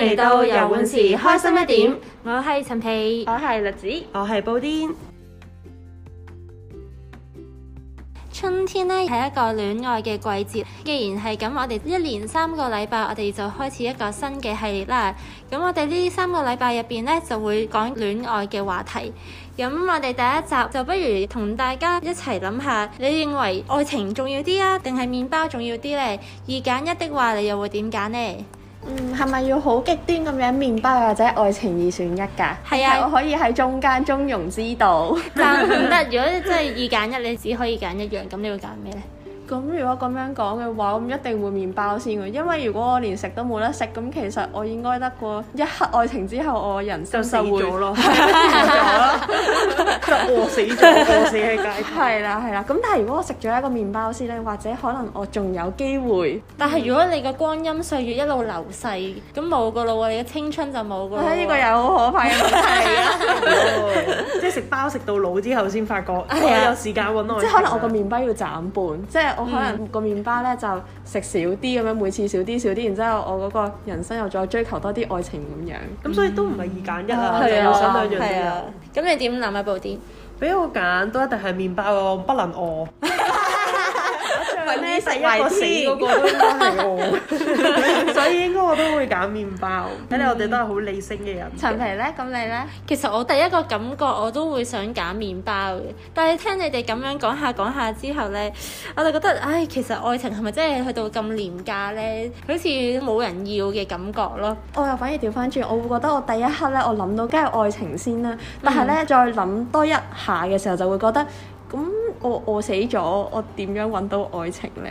嚟到游泳時開心一點， 我係陳皮，我係栗子，我係布丁。春天呢係一個戀愛嘅季節，既然係咁，我哋一連三個禮拜，我哋就開始一個新嘅系列啦。咁我哋呢三個禮拜入邊呢，就會講戀愛嘅話題。咁我哋第一集就不如同大家一齊諗下，你認為愛情重要啲啊，定係麵包重要啲呢？二揀一的話，你又會點揀呢？嗯，係咪要好極端咁樣，麵包或者愛情二選一㗎？係是啊，我可以喺中間中庸之道 但唔得。如果你真係二揀一，你只可以揀一樣，咁你會揀咩呢？咁如果咁樣講嘅話，咁一定會麵包先喎。因為如果我連食都冇得食，咁其實我應該得過一刻愛情之後，我人就死咗咯，就餓死咗，餓死喺街。係啦係啦，咁但係如果我食咗一個麵包先呢，或者可能我仲有機會。但係如果你嘅光陰歲月一路流逝，咁冇個咯，你嘅青春就冇個。睇呢個又好可怕嘅問題。即係食包食到老之後先發覺，我有時間揾我。即係可能我個麵包要斬半，即係。我可能個麵包咧就食少啲咁樣，每次少啲少啲，然之後我嗰個人生又再追求多啲愛情咁樣，咁、嗯、所以都唔係二揀一啊，我想兩樣嘢？有。咁、啊、你點諗啊？布丁，俾我揀都一定係麵包，不能餓。 咩第一位 所以應該我都會揀麵包。睇嚟、嗯、我哋都係好理性嘅人。陳皮咧，咁你呢？其實我第一個感覺我都會想揀麵包嘅，但係聽你哋咁樣講下講下之後呢，我就覺得，唉，其實愛情係咪真係去到咁廉價呢？好似冇人要嘅感覺咯。我又反而調翻轉，我會覺得我第一刻呢，我諗到梗係愛情先啦。但係呢，嗯、再諗多一下嘅時候，就會覺得。咁我餓死咗，我點樣揾到愛情呢？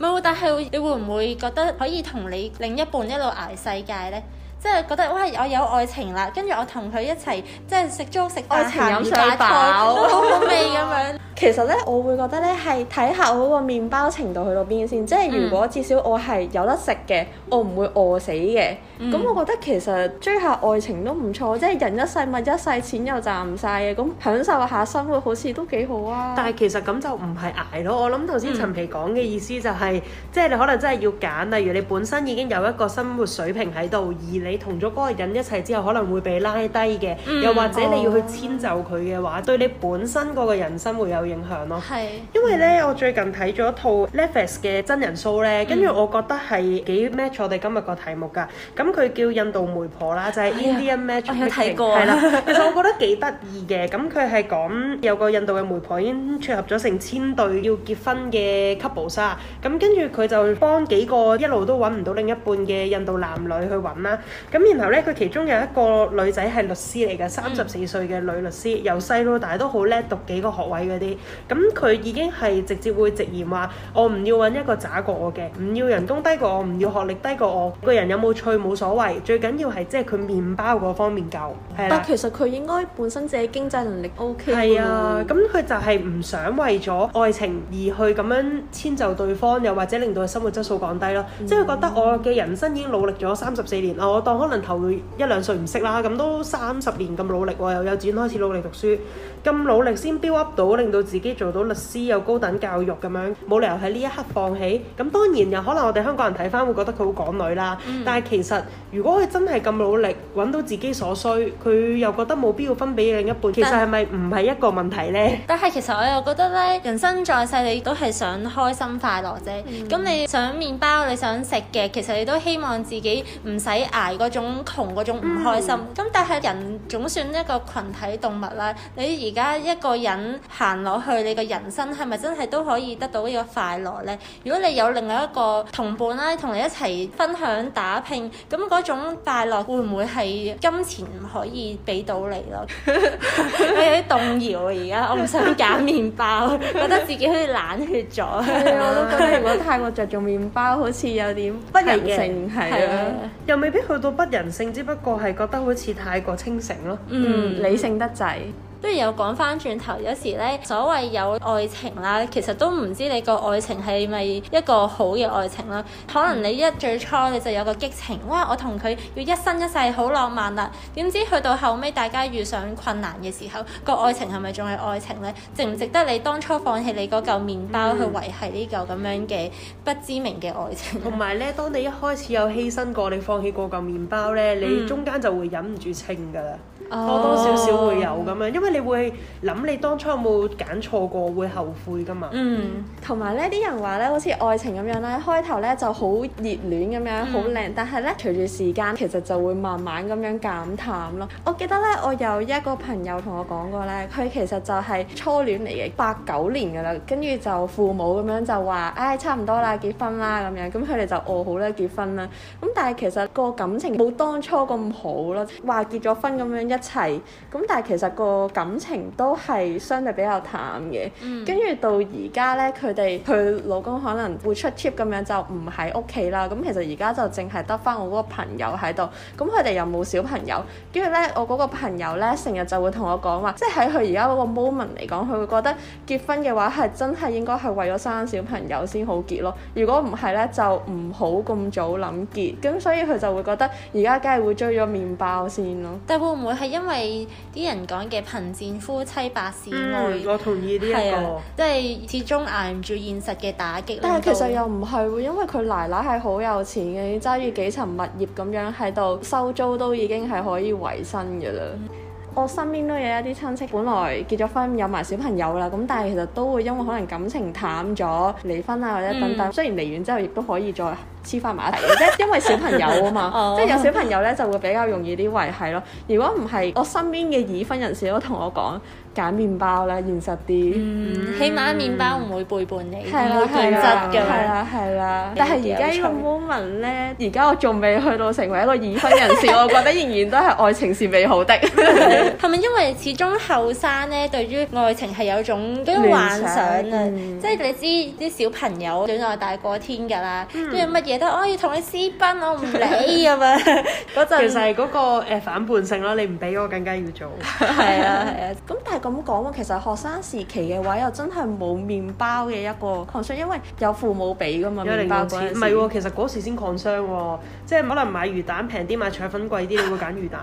冇，但係你會唔會覺得可以同你另一半一路捱世界呢？即係覺得哇，我有愛情啦，跟住我同佢一齊，即係食粥食愛情，飲水飽，飲下菜，好好味咁樣。其實咧，我會覺得咧係睇下嗰個麵包程度去到邊先。即係如果至少我係有得食嘅，我唔會餓死嘅。咁、嗯、我覺得其實追下愛情都唔錯。即係人一世物一世，錢又賺唔晒嘅。咁享受下生活好似都幾好啊。但係其實咁就唔係捱咯。我諗頭先陳皮講嘅意思就係、是，嗯、即係你可能真係要揀。例如你本身已經有一個生活水平喺度，而你同咗嗰個人一齊之後，可能會被拉低嘅。嗯、又或者你要去遷就佢嘅話，嗯、對你本身嗰個人生會有。有影響咯，係，因為咧，我最近睇咗一套 Netflix 嘅真人 show 咧，跟住我覺得係幾 match 我哋今日個題目噶，咁佢叫印度媒婆啦，就係 Indian Matchmaker，係啦，其實我覺得幾得意嘅，咁佢係講有個印度嘅媒婆已經撮合咗成千對要結婚嘅 couple 啦，咁跟住佢就幫幾個一路都揾唔到另一半嘅印度男女去揾啦，咁然後咧，佢其中有一個女仔係律師嚟嘅，三十四歲嘅女律師，由細到大都好叻，讀幾個學位嗰啲。咁佢已經係直接會直言話：我唔要揾一個渣過我嘅，唔要人工低過我，唔要學歷低過我，個人有冇趣冇所謂，最緊要係即係佢麵包嗰方面夠。但其實佢應該本身自己經濟能力 OK。係啊，咁佢就係唔想為咗愛情而去咁樣遷就對方，又或者令到佢生活質素降低啦。即係、嗯、佢覺得我嘅人生已經努力咗三十四年啦，我當可能頭一兩歲唔識啦，咁都三十年咁努力喎，由幼稚園開始努力讀書，咁努力先 build up 到令到。自己做到律師有高等教育咁樣，冇理由喺呢一刻放棄。咁當然又可能我哋香港人睇翻會覺得佢好港女啦，但係其實如果佢真係咁努力揾到自己所需，佢又覺得冇必要分俾另一半，其實係咪唔係一個問題咧？但係其實我又覺得咧，人生在世你都係想開心快樂啫。咁你想麵包你想食嘅，其實你都希望自己唔使捱嗰種窮嗰種唔開心。咁但係人總算一個群體動物啦，你而家一個人行落。我去你個人生係咪真係都可以得到呢個快樂呢？如果你有另外一個同伴啦，同你一齊分享打拼，咁嗰種快樂會唔會係金錢唔可以俾到你咯？ 我有啲動搖，而家我唔想揀麵包， 覺得自己好似冷血咗。吧 我都覺得如果太過着重麵包，好似有點不人性係啊，又未必去到不人性，只不過係覺得好似太過清醒咯，嗯，理性得滯。不如有講翻轉頭，有時呢所謂有愛情啦，其實都唔知你個愛情係咪一個好嘅愛情啦。可能你一最初你就有個激情，哇！我同佢要一生一世好浪漫啦。點知去到後尾，大家遇上困難嘅時候，呢個愛情係咪仲係愛情呢？值唔值得你當初放棄你嗰嚿麪包去維繫呢嚿咁樣嘅不知名嘅愛情？同埋呢，當你一開始有犧牲過，你放棄嗰嚿麪包呢，你中間就會忍唔住稱噶啦。多多少少會有咁樣，因為你會諗你當初有冇揀錯過，會後悔噶嘛。嗯，同埋咧啲人話咧，好似愛情咁樣咧，開頭咧就好熱戀咁樣，好靚、嗯，但係咧隨住時間其實就會慢慢咁樣減淡咯。我記得咧，我有一個朋友同我講過咧，佢其實就係初戀嚟嘅，八九年噶啦，跟住就父母咁樣就話，唉、哎，差唔多啦，結婚啦咁樣，咁佢哋就哦好啦，結婚啦。咁但係其實個感情冇當初咁好咯，話結咗婚咁樣一齊咁，但係其實個感情都係相對比較淡嘅。跟住到而家呢，佢哋佢老公可能會出 trip 咁樣就唔喺屋企啦。咁其實而家就淨係得返我嗰個朋友喺度。咁佢哋又冇小朋友。跟住呢，我嗰個朋友呢，成日就會同我講話，即係喺佢而家嗰個 moment 嚟講，佢會覺得結婚嘅話係真係應該係為咗生小朋友先好結咯。如果唔係呢，就唔好咁早諗結。咁所以佢就會覺得而家梗係會追咗麵包先咯。但係會唔會？係因為啲人講嘅貧賤夫妻百事哀，我同意呢、這、一個，啊、即係始終捱唔住現實嘅打擊。但係其實又唔係喎，因為佢奶奶係好有錢嘅，揸住幾層物業咁樣喺度收租都已經係可以維生嘅啦。嗯、我身邊都有一啲親戚，本來結咗婚有埋小朋友啦，咁但係其實都會因為可能感情淡咗、離婚啊或者等等，嗯、雖然離完之後亦都可以再。黐翻埋一齊嘅啫，因為小朋友啊嘛，即係有小朋友咧就會比較容易啲維係咯。如果唔係，我身邊嘅已婚人士都同我講揀麪包啦，現實啲，起碼麪包唔會背叛你，唔會變質㗎。係啦係啦，但係而家呢個 moment 咧，而家我仲未去到成為一個已婚人士，我覺得仍然都係愛情是美好的。係咪因為始終後生咧，對於愛情係有種啲幻想啊？即係你知啲小朋友戀愛大過天㗎啦，跟住乜嘢？記得我要同你私奔，我唔理咁樣。嗰陣其實係嗰個反叛性咯，你唔俾我更加要做。係啊係啊。咁但係咁講喎，其實學生時期嘅話又真係冇麵包嘅一個 concern，因為有父母俾噶嘛。有零用錢。唔係喎，其實嗰時先 concern 喎，即係可能買魚蛋平啲，買腸粉貴啲，你會揀魚蛋。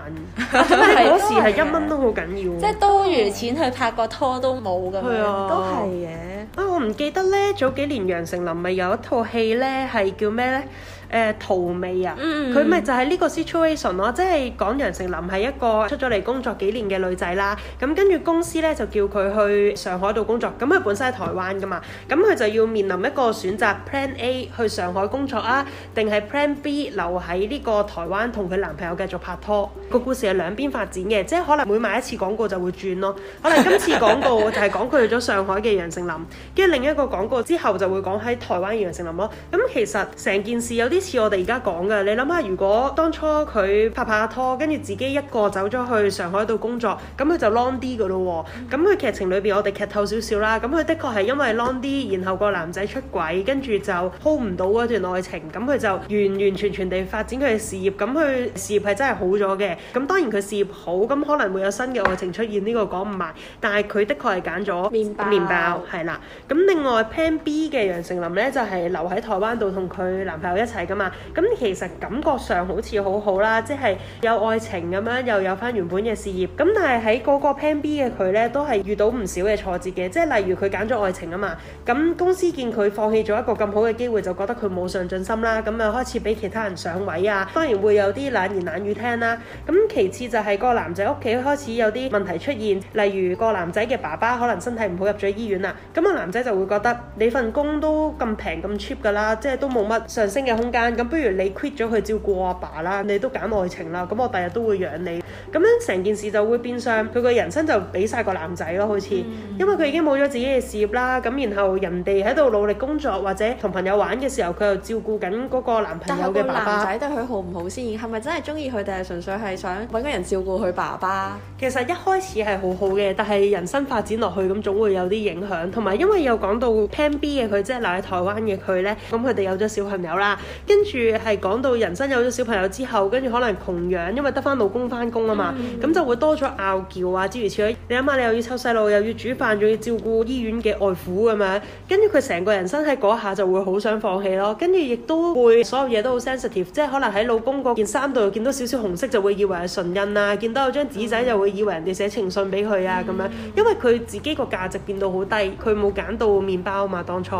嗰時係一蚊都好緊要。即係多餘錢去拍個拖都冇咁樣，都係嘅。我唔記得咧，早幾年楊丞琳咪有一套戲咧，係叫咩咧？誒逃、呃、味啊！佢咪、嗯、就係呢個 situation 咯，即係講楊丞琳係一個出咗嚟工作幾年嘅女仔啦。咁跟住公司咧就叫佢去上海度工作。咁佢本身喺台灣㗎嘛，咁佢就要面臨一個選擇 plan A 去上海工作啊，定係 plan B 留喺呢個台灣同佢男朋友繼續拍拖。個故事係兩邊發展嘅，即係可能每買一次廣告就會轉咯。可能今次廣告就係講佢去咗上海嘅楊丞琳，跟住另一個廣告之後就會講喺台灣嘅楊丞琳咯。咁其實成件事有啲～似我哋而家講嘅，你諗下，如果當初佢拍拍下拖，跟住自己一個走咗去上海度工作，咁佢就 long 啲嘅咯喎。咁佢、嗯、劇情裏邊，我哋劇透少少啦。咁佢的確係因為 long 啲，然後個男仔出軌，跟住就 hold 唔到嗰段愛情，咁佢就完完全全地發展佢嘅事業。咁佢事業係真係好咗嘅。咁當然佢事業好，咁可能會有新嘅愛情出現呢、呢個講唔埋。但係佢的確係揀咗麪包，麪包係啦。咁另外 Plan B 嘅楊丞琳呢，就係、是、留喺台灣度同佢男朋友一齊。咁其實感覺上好似好好啦，即係有愛情咁樣，又有翻原本嘅事業。咁但係喺嗰個 plan B 嘅佢呢，都係遇到唔少嘅挫折嘅。即係例如佢揀咗愛情啊嘛，咁公司見佢放棄咗一個咁好嘅機會，就覺得佢冇上進心啦。咁啊開始俾其他人上位啊，當然會有啲冷言冷語聽啦。咁其次就係個男仔屋企開始有啲問題出現，例如個男仔嘅爸爸可能身體唔好入咗醫院啦。咁個男仔就會覺得你份工都咁平咁 cheap 噶啦，即係都冇乜上升嘅空間。咁不如你 quit 咗佢照顧阿爸啦，你都揀愛情啦，咁我第日都會養你，咁樣成件事就會變相佢個人生就俾晒個男仔咯，好似，嗯、因為佢已經冇咗自己嘅事業啦，咁然後人哋喺度努力工作或者同朋友玩嘅時候，佢又照顧緊嗰個男朋友嘅爸爸。但係個男仔對佢好唔好先？係咪真係中意佢，定係純粹係想搵個人照顧佢爸爸？其實一開始係好好嘅，但係人生發展落去咁，總會有啲影響。同埋因為又講到 Pan B 嘅佢，即係留喺台灣嘅佢呢，咁佢哋有咗小朋友啦。跟住係講到人生有咗小朋友之後，跟住可能窮養，因為得翻老公翻工啊嘛，咁、mm hmm. 就會多咗拗撬啊，諸如此類。你諗下，你又要湊細路，又要煮飯，仲要照顧醫院嘅外父咁樣，跟住佢成個人生喺嗰下就會好想放棄咯。跟住亦都會所有嘢都好 sensitive，即係可能喺老公嗰件衫度見到少少紅色，就會以為係唇印啊；見到有張紙仔，就會以為人哋寫情信俾佢啊咁、mm hmm. 樣。因為佢自己個價值變到好低，佢冇揀到麪包啊嘛，當初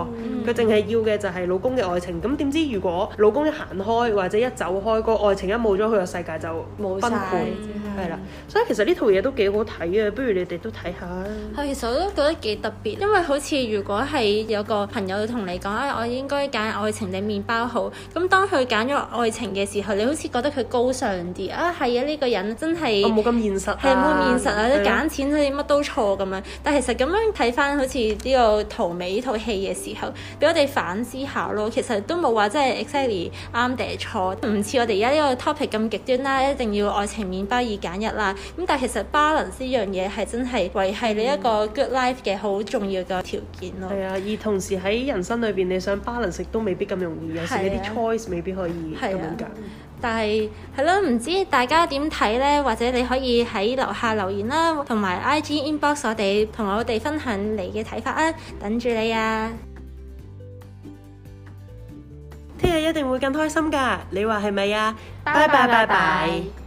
佢淨係要嘅就係老公嘅愛情。咁點知如果老公一行開，或者一走開，個愛情一冇咗，佢個世界就崩潰。係啦，所以其實呢套嘢都幾好睇啊！不如你哋都睇下啊！係，其實我都覺得幾特別，因為好似如果係有個朋友同你講咧，我應該揀愛情定麪包好。咁當佢揀咗愛情嘅時候，你好似覺得佢高尚啲啊！係啊，呢個人真係冇咁現實，係冇咁現實啊！你揀錢佢乜都錯咁樣。但係其實咁樣睇翻好似呢個圖尾呢套戲嘅時候，俾我哋反思下咯。其實都冇話真係 exactly 啱定錯，唔似我哋而家呢個 topic 咁極端啦，一定要愛情麪包揀一啦，咁但係其實 balance 呢樣嘢係真係維繫你一個 good life 嘅好重要嘅條件咯。係啊、嗯，而同時喺人生裏邊，你想 balance 食都未必咁容易，有時你啲 choice、啊、未必可以咁樣、嗯、但係係咯，唔知大家點睇呢？或者你可以喺樓下留言啦，同埋 IG inbox 我哋，同我哋分享你嘅睇法啊！等住你啊！聽日一定會更開心噶，你話係咪啊？拜拜拜拜。